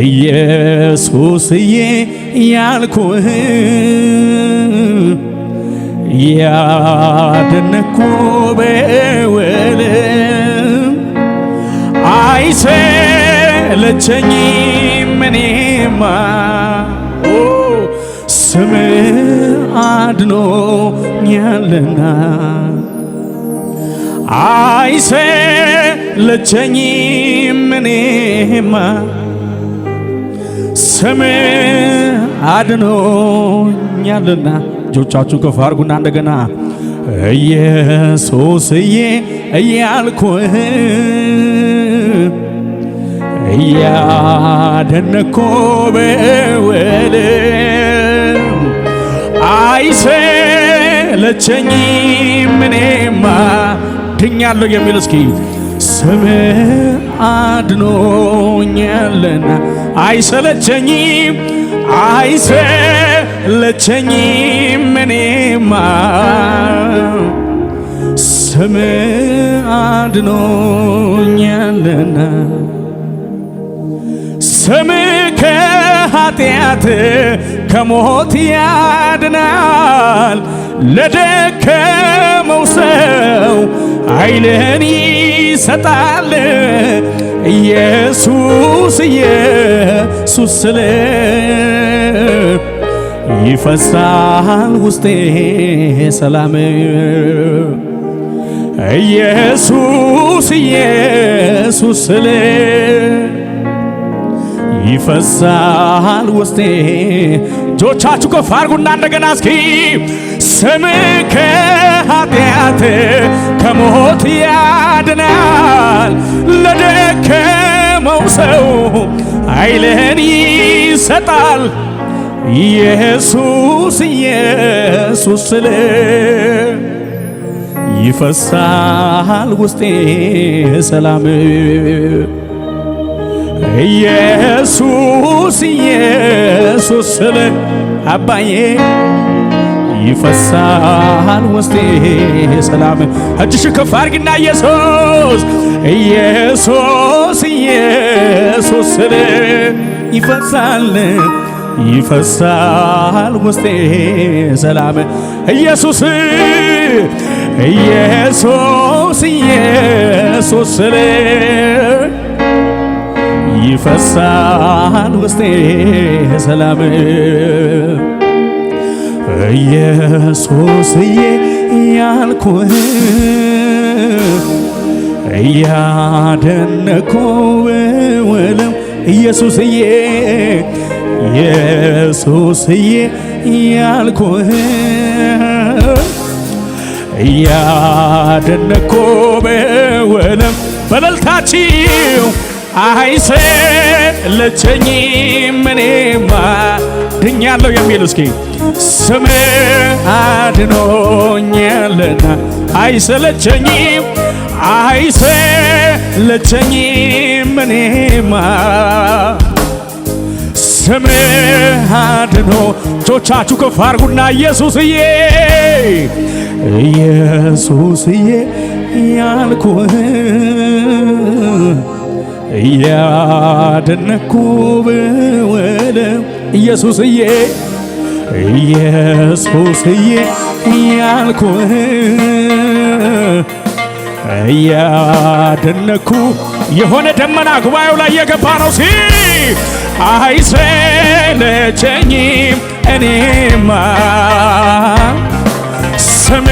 ኢየሱስዬ ያልኩህ ያደነኩ በውልም አይሰለቸኝም እኔማ ስም አድኖኛልና አይሰለቸኝም እኔማ ስም አድኖኛልና እጆቻችሁ ከፍ አድርጉና እንደገና ኢየሱስዬ እያልኩ እያደነኮ በወል አይሰለቸኝም እኔማ ድኛለሁ የሚል እስኪ ስም አድኖኛልና አይሰለቸኝም አይሰለቸኝም እኔማ ስም አድኖኛልና ስም ከኃጢአት ከሞት ያድናል ለደከመው ሰው ኃይልን ይሰጣል ኢየሱስ ኢየሱስ ስለ ይፈሳል ውስጤ ሰላም ኢየሱስ ኢየሱስ ስለ ይፈሳል ውስጤ። እጆቻችሁ ከፍ አድርጉና እንደገና እስኪ ስም ከኃጢአት ከሞት ያድናል፣ ለደከመው ሰው ኃይልን ይሰጣል። ኢየሱስ ኢየሱስ ስል ይፈሳል ውስጤ ሰላም ኢየሱስ ኢየሱስ ስለ አባዬ ይፈሳል ውስጤ ሰላም። እጅሽ ከፍ አድርጊና ኢየሱስ ኢየሱስ ኢየሱስ ስለ ይፈሳል ይፈሳል ውስጤ ሰላም ኢየሱስ ኢየሱስ ኢየሱስ ስለ ይፈሳል ውስጤ ሰላም ኢየሱስዬ እያልኩህ እያደነኩ ውልም ኢየሱስዬ ኢየሱስዬ እያልኩህ እያደነኩ በውልም በለልታችው አይሰለቸኝም እኔማ ድኛለሁ የሚል እስኪ ስም አድኖኛልና አይሰለቸኝም አይሰለቸኝም እኔማ ስም አድኖ እጆቻችሁ ከፍ አድርጉና ኢየሱስዬ ኢየሱስዬ ያልኩህ እያደነኩ ብወደ ኢየሱስዬ ኢየሱስዬ እያልኩ እያደነኩ የሆነ ደመና ጉባኤው ላይ የገባ ነው ሲ አይሰለቸኝም እኔማ ስም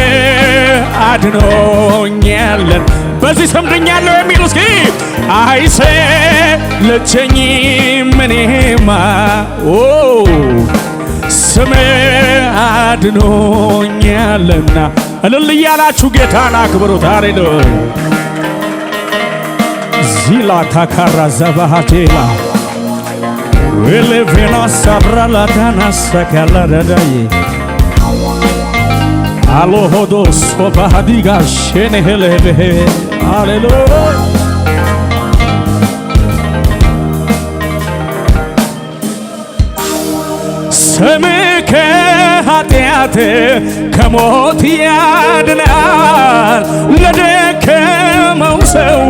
አድኖኛለን በዚህ ሰምደኛለሁ የሚል እስኪ አይሰለቸኝም እኔማ ስም አድኖኛልና እልል እያላችሁ ጌታን አክብሩት። አሬሎ ዚላ ታካራ ዘባሃቴላ ዌሌቬና ሳብራላታና ሰካላረዳዬ አሎሆዶስ ኦባሃዲጋ ሼኔሄሌቤሄ ሃሌሉያ ስም ከሞት ያድናል። ለደከመው ሰው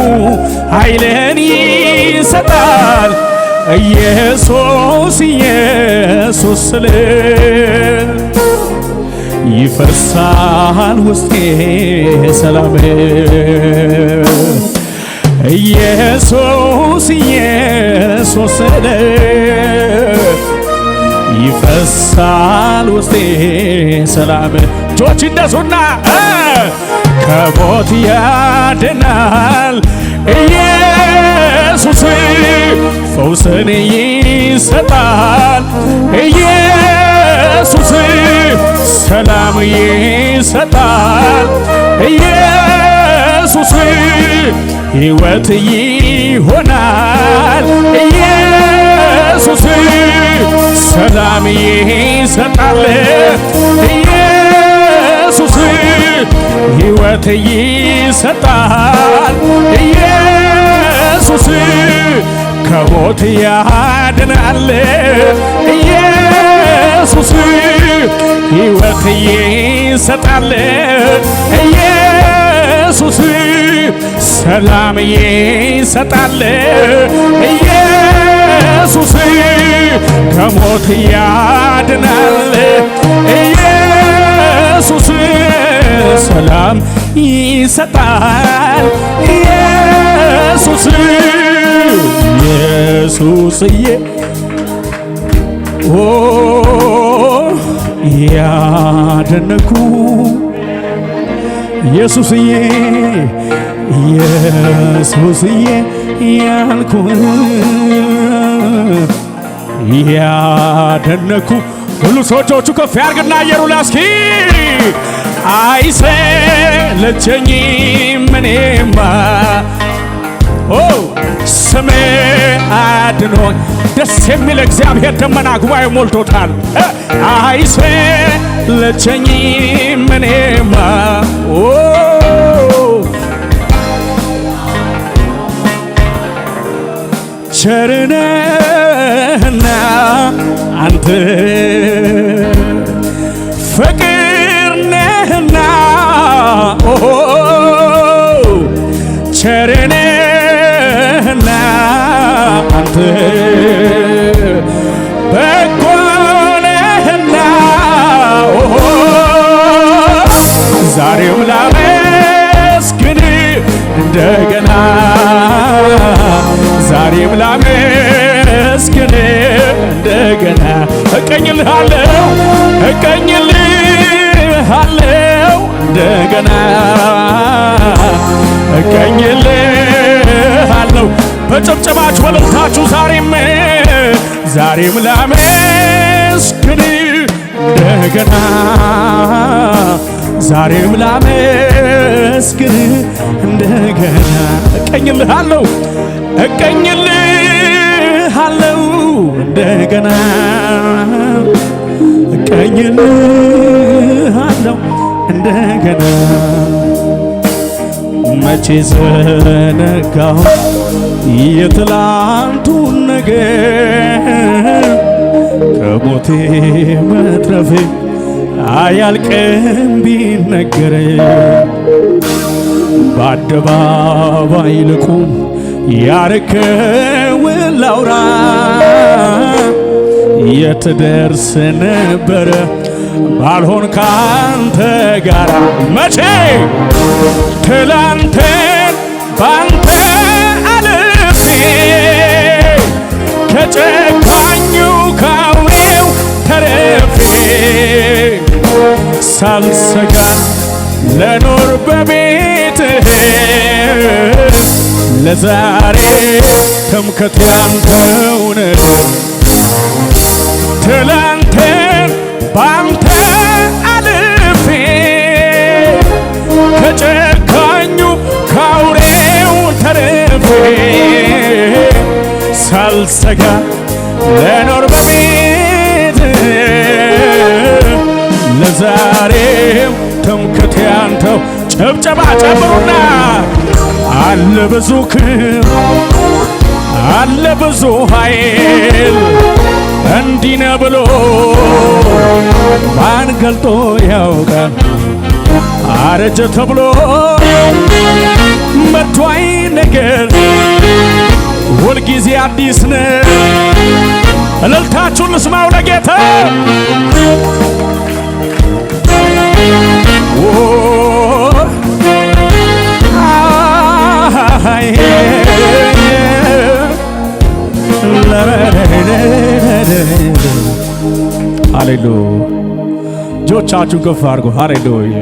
ኃይልን ይሰጣል። ኢየሱስ ኢየሱስ ስል ይፈርሳል ውስጤ ሰላም ኢየሱስ ኢየሱስ ለ ይፈሳል ውስጤ ሰላም እጆች እንደሱና ከሞት ያድናል ኢየሱስ ፈውስን ይሰጣል፣ ኢየሱስ ሰላም ይሰጣል፣ ኢየሱስ ሕይወት ይሆናል፣ ኢየሱስ ሰላም ይሰጣል፣ ኢየሱስ ሕይወት ይሰጣል ኢየሱስ ከሞት ያድናል። ኢየሱስ ሕይወት ይሰጣል። ኢየሱስ ሰላም ይሰጣል። ኢየሱስ ከሞት ያድናል። ሰላም ይሰጣል። ኢየሱስ ኢየሱስዬ ኦ ያደነኩ ኢየሱስዬ ኢየሱስዬ ያልኩ ያደነኩ ሁሉ ሰዎቹ ከፍ ያርግና አየሩ ላስኪ አይሰለቸኝም እኔማ ኦ ስሜ አድኖኝ ደስ የሚል እግዚአብሔር ደመና ጉባኤ ሞልቶታል። አይሰለቸኝም እኔማ ኦ ቸርነህና አንተ ፍቅር እንደገና ዛሬም ላመስግን እንደገና እቀኝልሃለው እቀኝልሃለው እንደገና እቀኝልሃለው በጨብጨባችሁ በልልታችሁ ዛሬም ዛሬም ላመስግን እንደገና ዛሬም ላመ ላመስግን እንደገና እቀኝልሃለሁ እቀኝልሃለሁ እንደገና እቀኝልሃለሁ እንደገና መቼ ዘነጋው የትላንቱን ነገር ከሞቴ መትረፌ አያልቅም ቢነገር በአደባባይ ልቁም ያረከውን ላውራ የትደርስ ነበረ ባልሆን ካንተ ጋራ መቼ ትላንቴን ሳልሰጋ ለኖር በቤትህ ለዛሬ ትምክህቴ ያንተው ነው። ትላንቴን ባንተ አልፌ ከጨካኙ ካውሬው ተርፌ ሳልሰጋ ለኖር ዛሬም ትምክህት ያንተው። ጭብጨባ ጨምሩና አለ ብዙ ክብር አለ ብዙ ኃይል እንዲህ ነው ብሎ ማን ገልጦ ያውቃል? አረጀ ተብሎ መቷይ ነገር ሁልጊዜ አዲስ ነ እልልታችሁን ስማው ለጌታ እጆቻችሁ ከፍ አድርጎ ሃሌሉያ።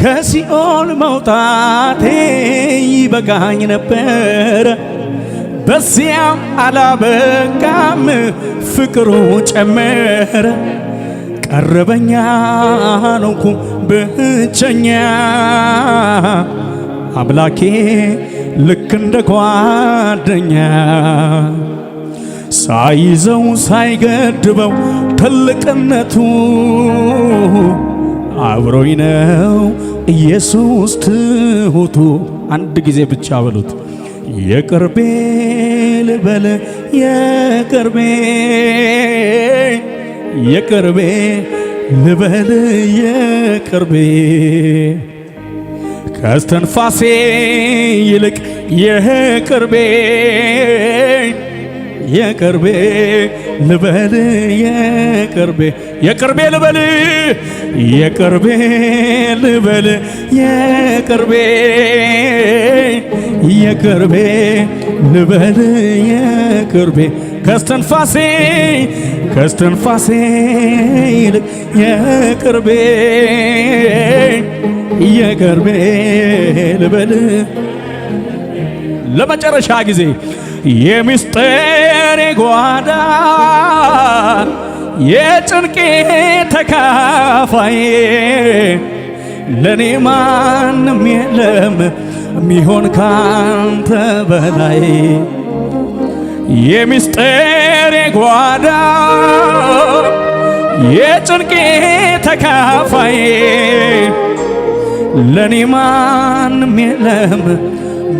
ከሲኦል መውጣቴ ይበቃኝ ነበር በዚያም አላበቃም ፍቅሩ ጨመረ። ቀረበኛ ሆንኩ ብቸኛ አምላኬ ልክ እንደ ጓደኛ ሳይዘው ሳይገድበው ትልቅነቱ አብሮኝ ነው ኢየሱስ ትሁቱ። አንድ ጊዜ ብቻ በሉት የቅርቤ ልበል የቅርቤ የቅርቤ ልበል የቅርቤ ከስተንፋሴ ይልቅ የቅርቤ የቅርቤ ልበል የቅርቤ የቅርቤ ልበል የቅርቤ ልበል የቅርቤ የቅርቤ ልበል የቅርቤ ከስትንፋሴ ከስትንፋሴ ይልቅ የቅርቤ የቅርቤ ልበል ለመጨረሻ ጊዜ የምስጢሬ ጓዳ የጭንቄ ተካፋይ ለኔ ማንም የለም ሚሆን ካንተ በላይ የምስጢሬ ጓዳ የጭንቄ ተካፋይ ለኔ ማንም የለም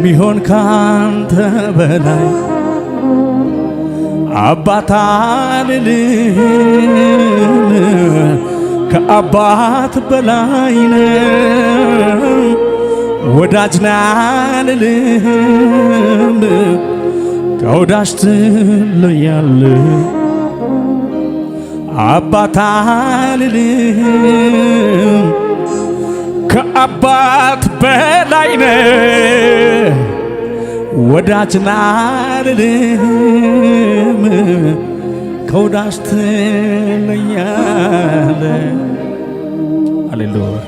ቢሆን ካንተ በላይ አባት አልልህም ከአባት በላይ ወዳጅ አልልህም ከወዳጅ ትለያለህ አባት አልልህም ከአባት በላይ ነህ ወዳጅ ናልልም ከወዳጅ ትለኛለህ። አሌሉያ